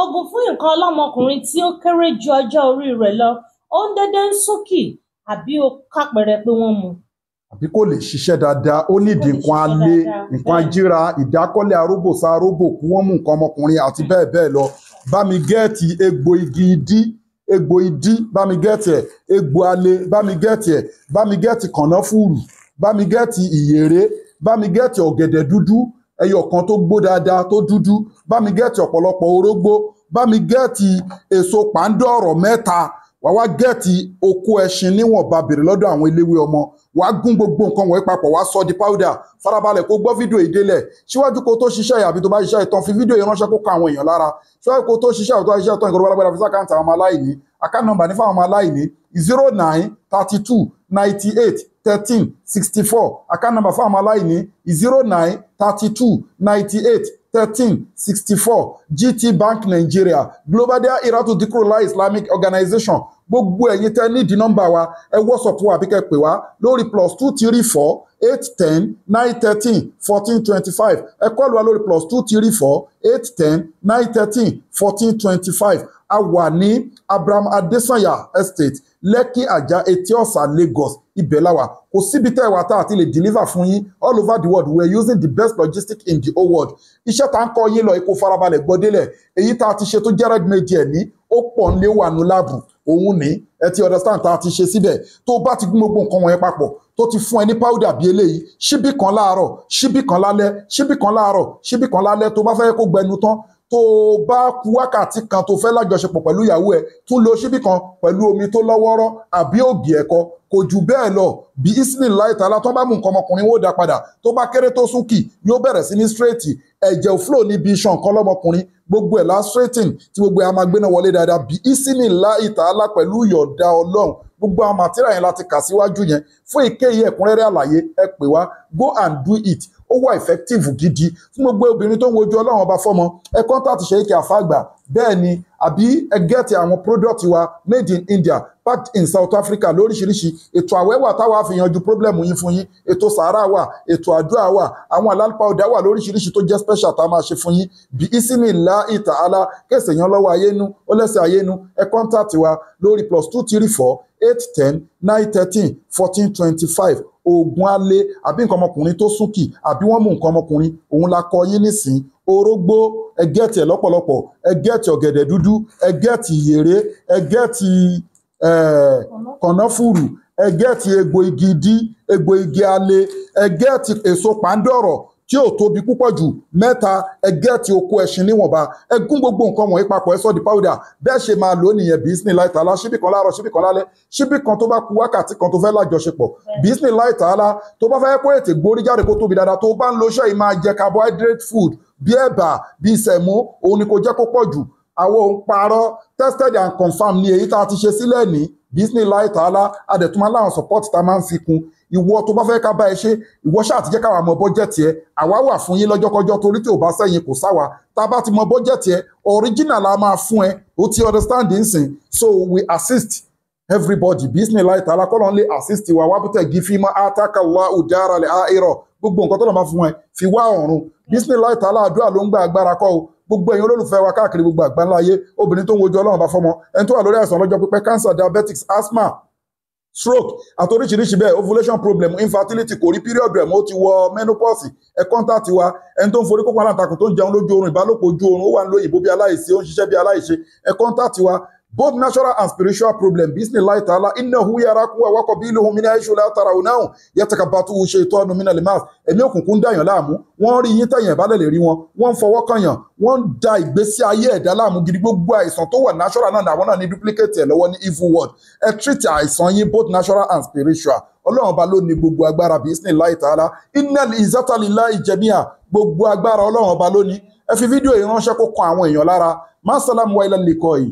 ogun fún nǹkan ọlọ́mọkùnrin tí ó kéré ju ọjọ́ orí rẹ̀ lọ ó ń dédé ń súnkì àbí ó kápẹ̀rẹ̀ pé wọ́n mu. àbí kò lè ṣiṣẹ́ dáadáa ó nídìí nǹkan alẹ́ nǹkan ajíra ìdákọ́lẹ̀ aróbòsá aróbòkú wọ́n mú nǹkan ọmọkùnrin àti bẹ́ẹ̀ bẹ́ẹ̀ lọ bá mi gẹ́ẹ̀tì egbò igi idí egbò idí bá mi gẹ́ẹ̀tì ẹ̀ egbò alẹ́ bá mi gẹ́ẹ̀tì ẹ̀ bá mi gẹ́ẹ̀tì kànáfùrù bá mi gẹ́ẹ̀tì ìyèrè bá gẹ́ẹ̀tì ọ̀gẹ̀dẹ̀ dúdú ẹyọ kan tó gbó dáadáa tó dúdú bá mi gẹ́ẹ̀tì ọ̀pọ̀lọpọ̀ orógbó bá mi gẹ́ẹ̀tì èso pàǹdọ̀rọ̀ mẹ́ta wàá wá gẹ́ẹ̀tì okó ẹṣin níwọ̀nba bèrè lọ́dọ̀ àwọn eléwé ọmọ wàá gún gbogbo nǹkan wọ̀nyí papọ̀ wàá sọ di powder farabalẹ̀ kó gbọ́ fídíò ìdélẹ̀ síwájú kó tó ṣiṣẹ́ yàbí tó bá ṣiṣẹ́ ìtàn fi fídíò yìí ránṣẹ́ kó kọ àwọn èèyàn lára síwájú kó tó ṣiṣẹ́ ìtàn ṣiṣẹ́ ìtàn ìkọ̀rọ̀ balabala fisa account àwọn ọmọ aláìní account ní fáwọn ọmọ aláìní zero nine thirty two ninety eight thirteen sixty four account number fún àwọn aláìní zero nine thirty two ninety eight thirteen sixty four gt bank nigeria global dahiratu dhikrlahi islamic organization gbogbo ẹ̀yin tẹ́ nídìí nọ́mbà wa ẹ wọ́sọ̀pù àbí kẹ́ pè wá lórí plus two three four eight ten nine thirteen fourteen twenty five ẹ kọ́ọ̀lù wa lórí plus two three four eight ten nine thirteen fourteen twenty five a wà ní Abraham Adesanya estate Lekki Ajah Etí Ọ̀sà Lagos ibẹ̀ láwà kò síbi tẹ́ ẹ̀ wá tá àti lè deliver fún yín all over the world we are using the best logistics in the whole world iṣẹ́ tá à ń kọ́ yín lọ ikú farabalẹ̀ gbọ́délẹ̀ èyí tá a ti ṣe tó jẹ́ red made ẹ̀ ní ó pọ̀ ń lé wà nù láàbù òun ní ẹ ti understand tá a ti ṣe síbẹ̀ tó bá ti gbogbo nǹkan wọ̀nyẹn papọ̀ tó ti fún ẹ ní powder bíi eléyìí ṣíbí kan láàárọ̀ ṣíbí kan lálẹ́ ṣíbí kan láàárọ̀ ṣíbí kan lálẹ́ tó bá fẹ́ kó gbẹnu tán tó o bá ku wákàtí kan tó fẹ́ lájọṣepọ̀ pẹ̀lú ìyàwó ẹ̀ tún lo ṣíbí kan pẹ̀lú omi tó lọ́wọ́rọ́ àbí ògì ẹ̀kọ kò jù bẹ́ẹ̀ lọ bí ismail láìtàlá tó bá mú nǹkan ọmọkùnrin wò dá padà tó bá kéré tó súnkì yóò bẹ̀rẹ̀ sí ní straight ẹ̀jẹ̀ òfúlò níbi iṣan nǹkan lọ́mọkùnrin gbogbo ẹ̀ la tí gbogbo ẹ̀ a máa gbéná wọlé dáadáa bí ismail láìtàlá pẹ̀lú ìyọ̀dá ọlọ́run gbogbo àwọn màtíra yẹn láti kà síwájú yẹn fún èkéyìí ẹ̀kúnrẹ́rẹ́ àlàyé ẹ pè wá go and do it ó wà effective gidi fún gbogbo obìnrin tó ń wojú ọlọ́run ọba fọ́mọ ẹ kọ́ńtàtì ṣèyíkì àfàgbà bẹ́ẹ̀ ni àbí ẹ gẹ́ẹ̀tì àwọn product wa made in India packed in South Africa lóríṣiríṣi ètò àwẹ̀ wà táwa fi yanjú problem yín fún yín ètò sàárà wà ètò àdúrà wà àwọn àlálùpà ọ̀dà wà lóríṣiríṣi tó jẹ́ special tá a máa ṣe fún yín bí isimi ńlá ìtàhálà kẹsẹ̀ yan lọ́wọ́ ayénu ó lẹ́sẹ̀ ayénu ẹ contact wa lórí plus two three four eight ten nine thirteen fourteen twenty five oògùn alẹ́ àbí nǹkan ọmọkùnrin tó súnkì àbí wọ́n mú nǹkan ọmọkùnrin òun la kọ yín nísìnyí orógbó ẹ gẹ́ẹ̀tì ẹ̀ lọ́pọ̀lọpọ̀ ẹ gẹ́ẹ̀tì ọ̀gẹ̀dẹ̀ dúdú ẹ gẹ́ẹ̀tì ìyèré ẹ gẹ́ẹ̀tì kànáfùrù ẹ gẹ́ẹ̀tì egbò igi dí egbò igi alẹ ẹ gẹ́ẹ̀tì èso pàǹdọ̀rọ̀ tí ò tóbi púpọ̀ jù mẹ́ta ẹ gẹ́ẹ̀tì oko ẹ̀sìn níwọ̀nba ẹ gún gbogbo nǹkan wọ̀nyí papọ̀ ẹ sọ di powder bẹ́ẹ̀ ṣe máa lò nìyẹn bísíní láì tààlà ṣíbì kan láàárọ̀ ṣíbì kan lálẹ́ ṣíbì kan tó bá ku wákàtí kan tó fẹ́ lájọṣepọ̀ bísíní láì tààlà tó bá fẹ́ kó ètè gbórí jáde kó tóbi dáadáa tó bá ń lo iṣẹ́ máa jẹ carbohydrate food bí ẹ̀bà bí sẹ̀mó òun ni kò jẹ́ kó pọ̀ àwọn òun parọ́ tested and confirmed ni èyí tá a ti ṣe sílẹ̀ ní disney láì tààlà adẹ̀túnmá láwọn support tá a máa ń fi kún ìwọ tó bá fẹ́ ká bá ẹ ṣe ìwọ ṣáà ti jẹ́ káwa mọ bọ́jẹ̀tì ẹ àwa wà fún yín lọ́jọ́kọjọ́ torí tí ò bá sẹ́yìn kò sáwa tá a bá ti mọ bọ́jẹ̀tì ẹ original la máa fún ẹ ó ti understand nsìn so we assist everybody bisimilayi taala kọ́lọ́n lè assist wa wabutẹ̀ gifima ataka Allah ujara le airo gbogbo nǹkan tọ́lọ̀ máa fún ẹ fi wá ọ̀run bisimilayi tààlà àdúrà ló ń gba agbára kọ́ o gbogbo ẹ̀yin olólùfẹ́ wa káàkiri gbogbo àgbáńlá ayé obìnrin tó ń wojú ọlọ́run bá fọmọ ẹni tó wà lórí àìsàn ọlọ́jọ́ pípẹ́ cancer diabetics asthma stroke àti oríṣiríṣi bẹ́ẹ̀ ovulation problem infertility kò rí period rẹ̀ mọ́ ó ti wọ menopause ẹ contact wa ẹni tó ń forí kókó aláǹtakùn tó ń jẹun lójú oorun ìbálòpọ̀ ojú oorun ó wà ń lo ìbò bí aláìsí ó ń ṣiṣẹ́ bí aláìṣe ẹ contact wa both natural and spiritual problem bisimilahi taala innahu yarakum wa qabiluhum min aishu la tarawnahum yatakabbatuhu shaytanu min al-mas ẹ̀mí òkùnkùn dàyàn láàmú wọ́n rí yín tẹ̀yàn ìbálẹ̀ lè rí wọn wọ́n ń fọwọ́ kànyàn wọ́n ń da ìgbésí ayé ẹ̀dá láàmú gidi gbogbo àìsàn tó wà natural náà làwọn wana ni duplicate ẹ̀ lọ́wọ́ ní evil world ẹ treat àìsàn yín both natural and spiritual ọlọ́run ọba ló ni gbogbo agbára bisimilahi taala innal izzata lillahi jami'a gbogbo agbára ọlọ́run ọba ló ní ẹ fi fídíò yìí ránṣẹ́ kó kan àwọn èèyàn lára má sálámù wa ilẹ̀ nìkọ́ yìí